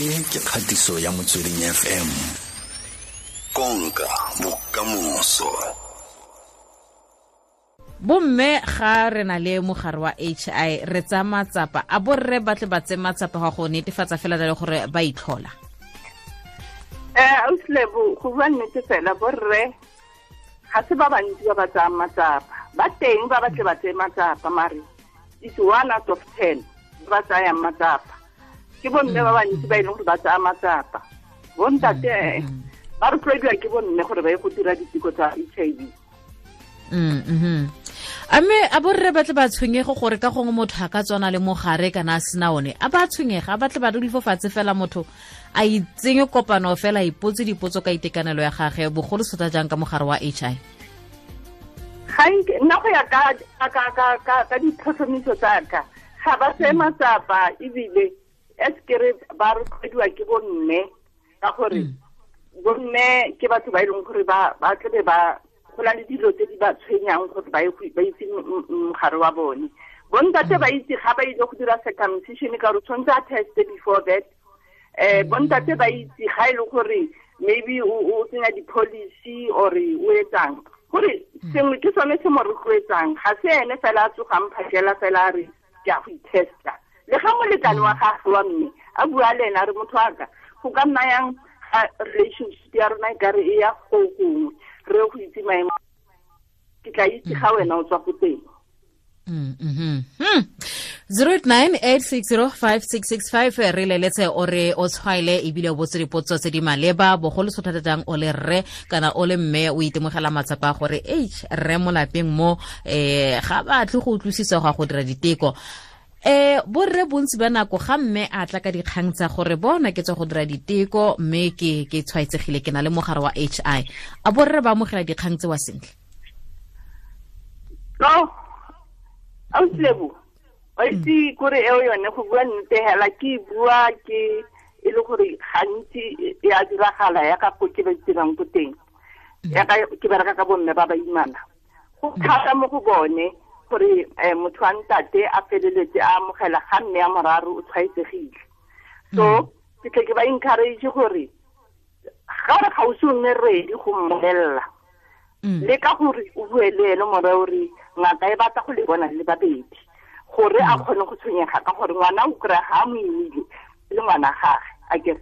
e ke kgatiso ya motsweding fm konka bokamoso bomme ga re na le mogare wa hi re tsaya matsapa a borre ba tle ba tse matsapa ga go netefatsa fela le gore ba itlhola um eh, ausilebo go bua nnete fela borre ga se ba bantsi ba ba tsayang matsapa ba teng ba batle ba tseye matsapa mare it's one out of ten ba ba tsayang matsapa ke bomme ba bantsi ba e leng gore ba tsaya matsapa bontate ba rotloediwa ke bomme gore ba ye go dira diteko tsa h i v mm, mm-hmm. a a borre batle ba tshwenyego gore ka gongwe motho a ka tswana le mogare kana a sena one a ba tshwenyega a batle ba dulifo fela motho a itsenye kopano fela a ipotse dipotso ka itekanelo ya gage bogolo sota jang ka mogare wa h i nna go ya ka ditlhotlhomiso tsaka ga ba tseye matsapa ebile as ke re ba ke bomme ka gore mm. bomme ke batho ba e leng gore ba tlebe ba go na le dilo tse di ba tshwenyang gore ba itse mogare wa bone bontate ba itse ga ba ile go dira circumcision ka gore tshwanetse a teste before that um eh, bontate ba itse ga e le gore maybe o tsenya di-policy or o etsang gore mm. sengwe ke sone se mo rotloetsang ga se ene fela a tsogang phakela fela a re ke a go itesta le mm. ga molekane wa gagwe wa mme a bua le ena re motho a ka go ka nna yang ga relationship ya rona e kare e ya go gongwe re go itse maemo ke tla itse ga mm. wena o tswa go teng mm, mm-hmm. hmm. zero eight nine eight six zero five six six five re leletse o re o tshwaele ebile o botse dipotso tse di maleba bogoloso thatatang o le rre kana o le mme o itemogela matsapa a gore h rre mo lapeng mo um ga batle go utlwisisa go go dira diteko eh borre bontsi ba nako ga mme a tla ka dikgang tsa gore bona ke tswa go dira diteko mme ke ke tshwaetsegile ke na le mogare wa h i a borre ba amogela dikgang tse wa sentle no ausilebo wa itse kore eo yone go bua nnete hela ke e bua ke e le gore gantsi ya e diragala ya ka ko ke ba dirang ko teng ya ka ke bereka ka bomme ba baimana go thata mo go bone gore um eh, motho wa ntate a feleletse a amogela ga mme ya moraro o tshwaetsegile so mm. ke tle ke ba encourage gore ga ore ga o se nne ready go mmolelela mm. le ka gore o bue le ene more ore ngaka e batla go le bona le babedi gore a mm. kgone go tshwenyega ka gore ngwana o kry-a ga a mo imile le ngwana gage a kere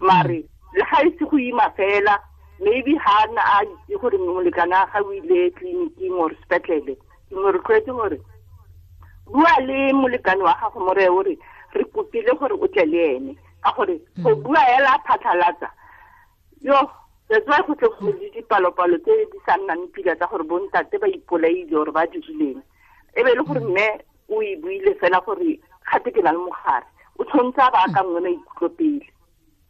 mare le ga ise e go ima fela maybe ga a na a itse gore molekane a ga o ile tleliniking or sepetlele morekwetse gore bua le molekane wa gago moreye ore re kopile gore o tle le ene ka gore go bua ela phatlhalatsa yo tsetsa go tle go di dipalo palo tse di sa nna mpila tsa gore bontate ba ipolaile gore ba di dileng e be le gore nne o e buile fela gore kgate ke na le mogare o tshontsa ba ka mona ikutlo pele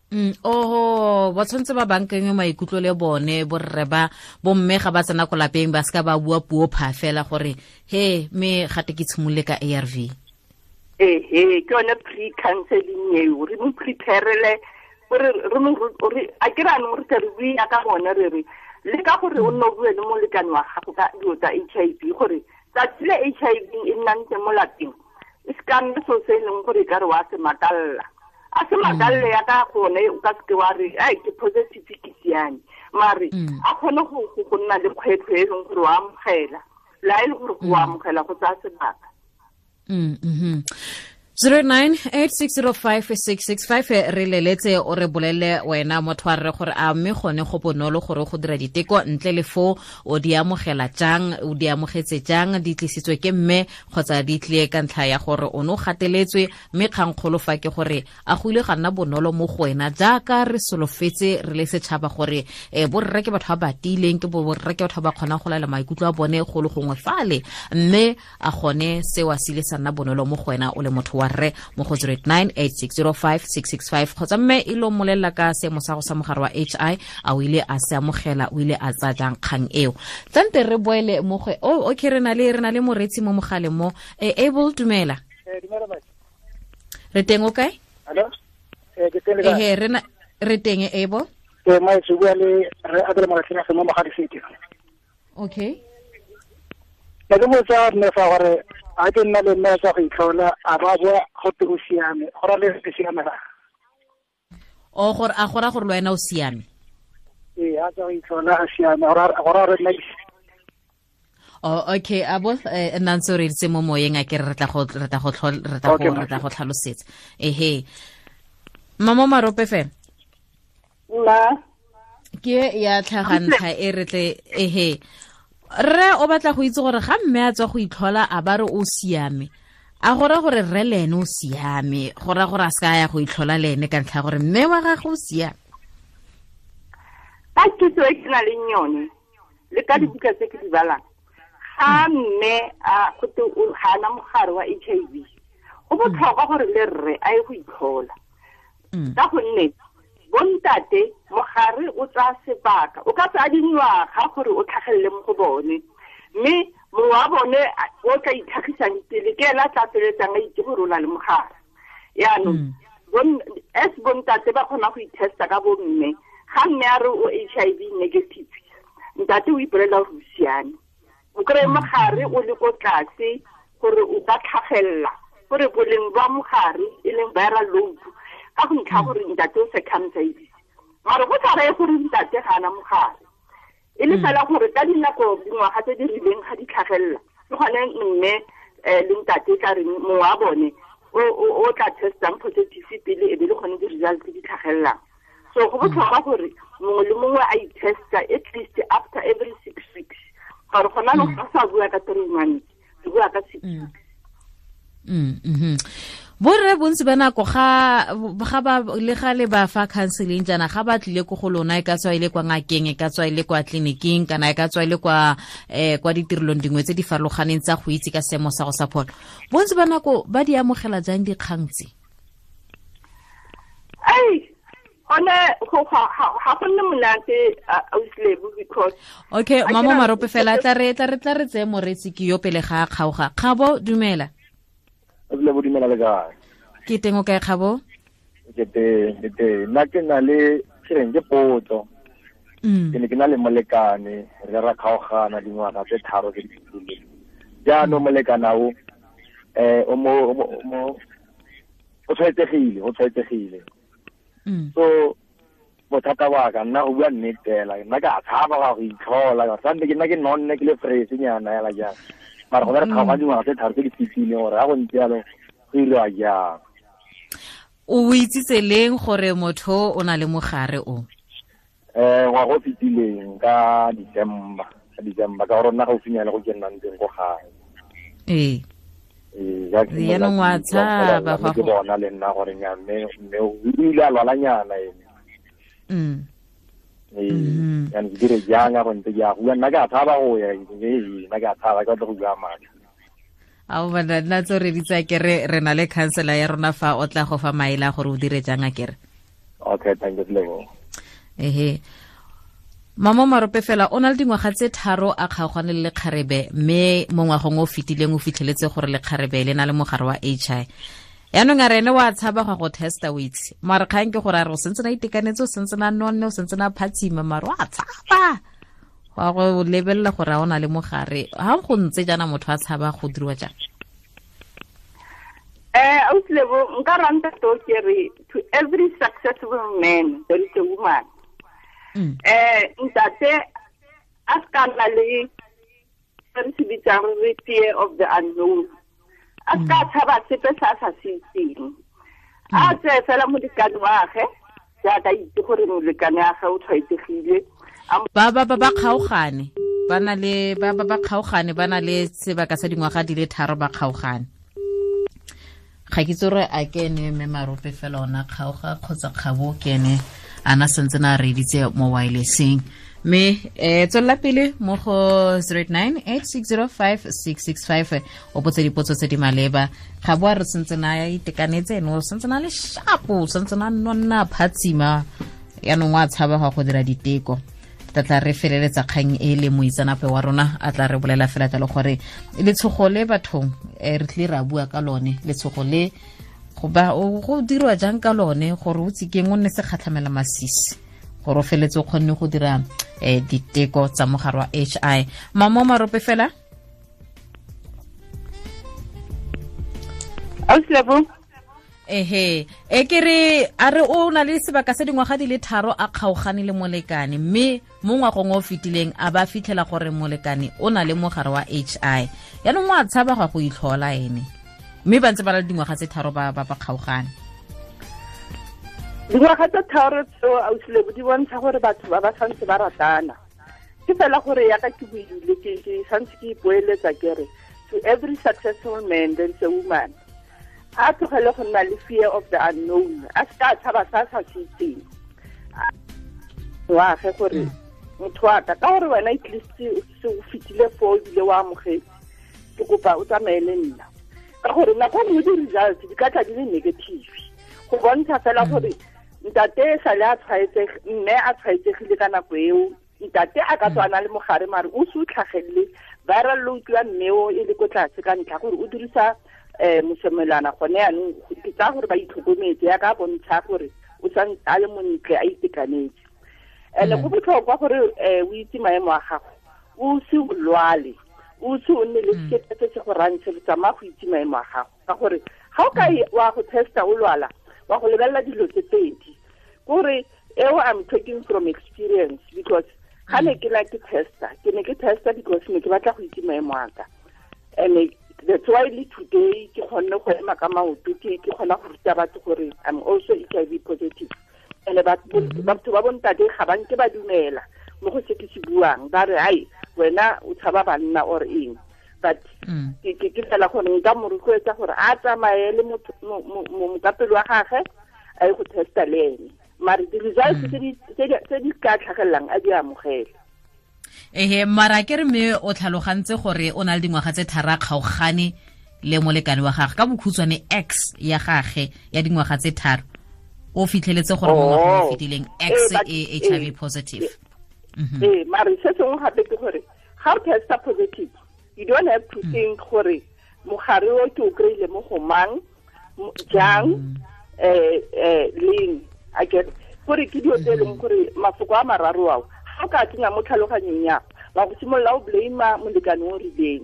Mm, oho ba tshwanetse ba bankeng maikutlo le bone borre ba bomme ga ba tsena ko lapeng ba seka ba bua puo pha fela gore he me gate ke tshimolole ka a r v ehe ee, ke yone pre counseling eo re mo preparele a ke re anong re tse re buya ka bone re re le ka gore o nne o bue le molekane wa gago ka dilo tsa h i v gore tsatsile h i v e nnang tse mo lapeng e se ka nne so se e leng gore e ka re wa se matalela a se mm. makalle ya ka gone o ka seke wa re ai ke photse ke siane maare mm. a kgone go nna le kgwetlho e leng gore o amogela la e leng gore go mm. amogela go tsaya sebaka mm-hmm. 0986056665 e re leletse o re bolele wena motho a re gore a mme gone go bonolo gore go dira diteko ntle le fo o di amogela jang o di amogetse jang di tlisitswe ke mme kgotsa di tlile ka ntlha ya gore o ne o gateletswe mme kgangkgolo fa ke gore a go ile ga nna bonolo mo go wena jaaka re solofetse re le setšhaba gore um eh, borre ke batho ba batileng ke borre ke batho ba kgonang go lela maikutlo a bone go le gongwe fale mme a gone seo se ile sa nna bonolo mo go wena o le motho wa rre mo go 0898605665 kgotsa mme e le mmolelela ka seemo sa go sa mogare wa h i a o ile a se amogela o ile a tsa jang kgang eo tsante re boele mogwe go o oh, okay re na le re na le moretsi mo mogale mo e eh, able dumela eh, re teng o kae ehe eh, re teng able okay a ke nna le nna sa go itlhola a ba boa gote o siame go ra le se siamela o gore a gora gore le wena o siame ee a sa go itlhola a siame go ra re nna Oh, okay abo eh, nna ntse o reditse mo moyeng a ke re tla go tlhalosetsa ehe mama marope fela nna ke ya tlhagantlha e retle ehe re o batla go itse gore ga mme a tswa go itlhola a ba re o siame a gora gore re le ene o siame go ra gore a se ka ya go itlhola le ene ka ntlha gore mme wa gagwe o siame ka kitso e ke na le yone le ka dibuka tse ke di balang ga mme gote ga na mogare wa h i v go botlhokwa gore le rre a ye go itlhola mm. ka gonne bontate mogare o tsaya sebaka o ka tsaya dingwaga gore o tlhagelele mo go bone mme mongwe wa bone o tla itlhagisang pele ke ela tla feleletsang a itse gore o na le mogare yaanong as bontate ba kgona go itesta ka bomme ga mme a re o h i v negative ntate o ipolela gore o siane o kry-e mogare o le ko tlase gore o ka tlhagelela gore boleng ba mogare e leng viral load აგნი ქავრინი და დოსე კანზე ის მაგრამ როგორც არა ეს ორი და ეს ანა მხარი ინი სალა ხორი და დინა კო დინა ხათე დი რიბენ ხადი ქახელა ხოლე მე ე ლინკა დი კარი მოა ბონი ო ო ო და ჩესთან ფოტო დისიპლი ები ხონი დი რიზალტ დი ქახელა so ხო ხო ხორი მოა ლუ მოა აი ჩესთა at least after every 6 weeks ხარო ხანა ნო სასაგუა და ტრიმანი ზუა და სი მ მ borre bontsi ba nako ga ba le ga le ba fa counseling jana ga ba tlile ko go lona e ka tswa ile e kwa ngakeng e ka tswa ile e kwa tleliniking kana e ka tswa ile e kwa um kwa ditirelong dingwe tse di farologaneng tsa go itse ka seemo sa go sa pholo bontsi ba nako ba di amogela jang dikgang tse ei gone ga go nne monate auslebo because okay mama marope fela tla re tla re tseye moretsi ke yo pele ga a kgaoga kgabo dumela ebile bodimela le kae ke teng o kae kgabo ke teng nna ke na le kereng ke potso mm. ke ne ke na le molekane re ra kgaogana dingwaga tse tharo ke ditlile jaanong molekana eh, o um o tshwaetsegile o tshwaetsegile mm. so bothata ba nna go bua nnetela nna ka tshaba ga go itlhola sante ke nna ke nonne ke le fresh nyana yala jang mara go bere dingwaga tse tharo tse di fetile gore ga go ntse yalo go ilwa jang o itsitse leng gore motho o na le mogare o eh wa go fetileng ka December ka December ka gore o nna ga o finyana go ke nnang teng go gae ee yaanong eh, ke bona le nna gore nya mme o ile a lwalanyana ene mm. Mm-hmm. yani dire jang a bontse ke a bua nna ke a thaba go ya nna ke a thaba ke batla go bua maaka ao bana nna tse re ditsa ke re na le councilor ya rona fa o tla go fa maele gore o dire jang a kere okay thank you ehe mama marope fela o na le dingwaga tse tharo a kgaogane le lekgarebe mme mongwagong o fetileng o fitlheletse gore lekgarebe le na le mogare wa h i yaanong a re ene o a tshaba go go testa o itse mare kgang ke gore a re o sentse na itekanetse o sentse na nonne o sentse na phatsima mare o a tshaba wa go lebelela gore a o na le mogare ga go ntse jaana motho a tshaba go diriwa jang um eh, ausilebo nka ranta to ke re to every successful man there is a woman um ntate a se ka nna le se re se bitsang re fear of the unknown a ka tshaba sepe sa sa se itseng a hmm. tseye fela molekane wa age jaaka itse gore molekane wa age o tshwaetsegile ba ba ba ba kgaogane ba na le ba ba ba kgaogane ba na le sebaka sa dingwaga di le tharo ba kgaogane ga ke itse gore a ke ene mme marope fela ona kgaoga kgotsa kgabo ke ene ana santse na reditse mo wirelesseng me eh tswela pele mo go 0898605665 o botse dipotso tse di maleba ga bo re sentse na ya itekanetse no sentse na le shapo sentse na nonna phatsima ya no wa tshaba ga go dira diteko tla tla re feleletsa kgang e le moitsanape wa rona a tla re bolela fela jalo gore letshogo le bathong eh, re tlile ra bua ka lone letshogo le go ba go dirwa jang ka lone gore o tsikeng o nne se kgatlhamela masisi gore o feletse o kgonne go dira um diteko tsa mogare wa h i mamo marope fela ausilabo ehe e ke re a re o na le sebaka se dingwaga di le tharo a kgaogane le molekane mme mo ngwagong o fetileng a ba fitlhela gore molekane o na le mogare wa h i yaanong o a tshaba go a go itlhola ene mme ba ntse ba le dingwaga tse tharo ba ba kgaogane dingwaga tse tharo tseo ausilebo di bontsha gore batho ba ba santse ba ratana ke fela gore yaka ke buile ke santse ke ipoeletsa kere to every successful man there a woman a tlogele go nna le fear of the unknown a se ka tshaba sa sa se itseng wage gore motho wa ka ka gore wena at se o fitile foo ebile o amogetse ke kopa o tsamaye le nna ka gore nako nngwe di-results di ka tla di le negative go bontsha fela mm. gore mm. ntate e sale a mme a tshwaetsegile ka nako eo ntate a ka hmm. tswana le mogare mare o se o tlhagelele viral load ya mmeo e le ko tlase ka ntlha gore o dirisa um eh, mosemelwana gone yanong ke tsaya gore ba itlhokometse ya ka bontsha gore o sa a le montle a itekanetse and go hmm. botlhokwa gore um o itse maemo a gago o se o lwale o se o nne le hmm. sekete se se go rantshe le tsamaya go itse maemo a gago ka gore ga o ka e, wa go testa o lwala wa go lebelela dilo tse pedi kore eo i'm talking from experience because ga mm. ne ke la ke tester ke ne ke tester because ne ke batla go itse maemo aka and that's why le today ke kgonne go ema ka maoto ke kgona go ruta batho gore i'm also h i v positive and mm-hmm. batho ba bontate ga banke ba dumela mo go se ke se buang ba re hai wena o tshaba banna or eng but mm. ke fela gore nka mo gore a tsamaye le wa gage a ye go testa le ene mare di-results mm. tse di ka tlhagelelang a di amogela ehe mara ke re mme o tlhalogantse gore o na le dingwaga tse thara kgaogane le molekane wa gagwe ka bokhutswane x ya gage ya dingwaga tse tharo o fitlheletse gore mo ngwageng o oh. fetileng x eh, e hiv eh, positive ee mare se sengwe gape ke gore ga o testa positive you don't have to mm. think gore mogare o ke o kry-ile mo go mang jang um leng a kere gore ke dilo tse e leng gore mafoko a mararo ao ga o ka tsenya mo tlhaloganyong yago wa go simolola o blame molekane o rileng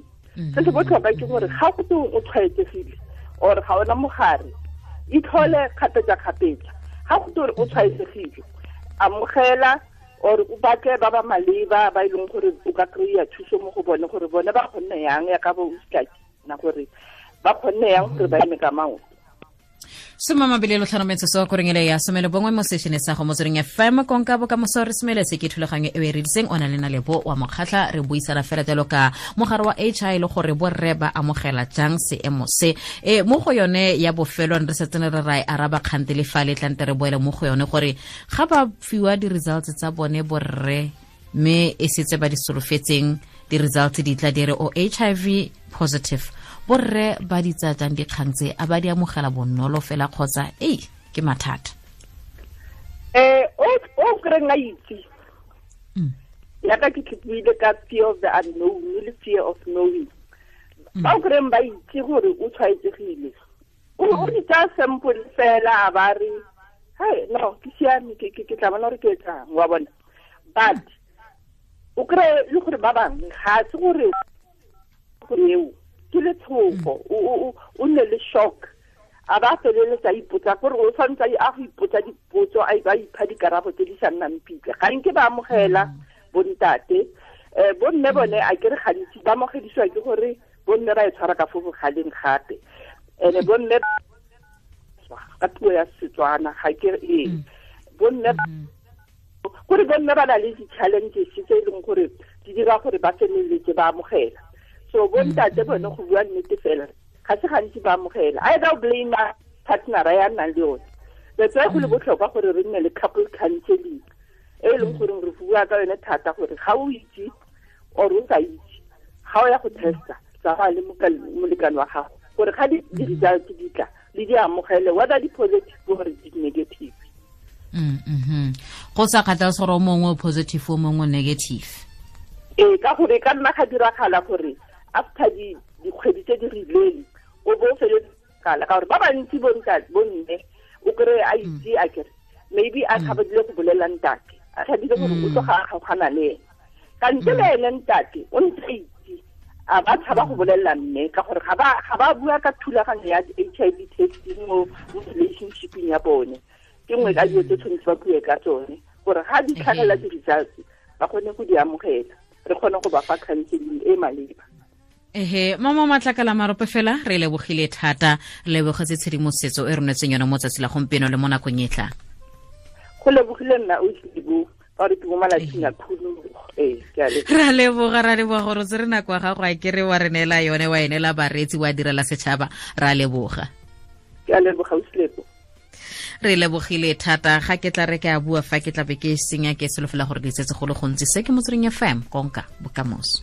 se se botlhokwa ke gore ga go teng o tshwaetsegile or ga ona mogare itlhole e kgapetsa-kgapetsa ga go tore o tshwaetsegile amogela or o batle ba ba maleba ba e leng gore o ka kry-a thuso mo go bone gore bone ba kgonne yang ya ka bo o na gore ba kgonne yang gore ba eme ka maoto somamabedi e le tlhano metsoso koreng ele ya somelo bongwe mo sešhene sa go motsering fm konka bokamoso e re semeletse ke thulaganyo e o e rediseng o na le nalebo wa mokgatlha re buisana fela jalo ka mogare wa h i le gore borre ba amogela jang seemo se e mo go yone ya bofelong re setsene re ra e araba kgante le fa le tlante re boele mo go yone gore ga ba fiwa di-results tsa bone borre mme e setse ba di solofetseng di-results di tla di re o h i v positive borre ba di tsatsang dikgang tse a ba di amogela bonolo fela kgotsa ei ke mathata um o kre a itse mm. yaka ke tlhotlhoile ka fear of the unknown le fear of knowing mm. ba o kry-ng ba itse gore o tshwaetsegile o mm. di tsaya sample fela a ba re hai no ke siame ke tla bona gore ke etsang wa bona but o kry le gore ba bangwe ga a gore eo ke letshogo o nne le shock a ba feleletsa ipotsa gore o tshwanetse a go ipotsa dipotso a e ba ipha dikarabo tse di sa nnang pitle ga nke ba amogela bontate um eh, bomme bone a kere gantsi ba amogedisiwa ke gore bomme ba e tshwara ka fo bogaleng gape and-e bomme ka puo ya setswana ga ke ee mm. bomme mm-hmm. gore bomme ba na le di-challenges tse e leng gore di dira gore ba feleletse ba amogela so bo ntate bone go bua nnete fela ga se gantsi ba amogela either o blame partner ya nnang le yone that's go le botlhokwa gore re nne le couple counseling e e leng mm. goreng re bua ka yone thata gore ga o itse or o sa itse ga o ya go testa tsa go le molekano wa gago gore ga di-result mm. di tla le di amogele whether di-positive or di-negative mm, mm-hmm. go sa kgathalese gore o mongwe o positive o mongwe negative ee ka gore ka nna ga diragala gore after di dikgwedi tse di rileng o bo o kala ka gore ba bantsi nne o kry a itse mm. a kere maybe a mm. tlhabadile go bolela ntate a tlhabile gore o mm. tloga a kgaogana le ka ntle le ene ntate o ntse itse a ba tshaba go bolela mme ka gore ga ba ga ba bua ka thulaganyo ya HIV i v testing mo relationship ya bone ke nngwe ka dilo tse tshwanetse ba bue ka tsone gore ga di tlhagelela di-results ba kgone go di amogela re kgone go ba fa counseling e maleba ehe mama matlakala marope fela re lebogile thata re lebogetse tshedimosetso e re nwetseng yone mo tsatsi la gompieno le mo nakong e tlang re ee, a leboga ra leboga gore tse re nako ya gago a kere wa re neela yone wa enela bareetsi wa direla setšhaba ra leboga a leboga re lebogile thata ga ke tla re ke a bua fa ke tla be ke senya ke solofela gore ditsetse go le gontsi se ke motsering fm konka bokamoso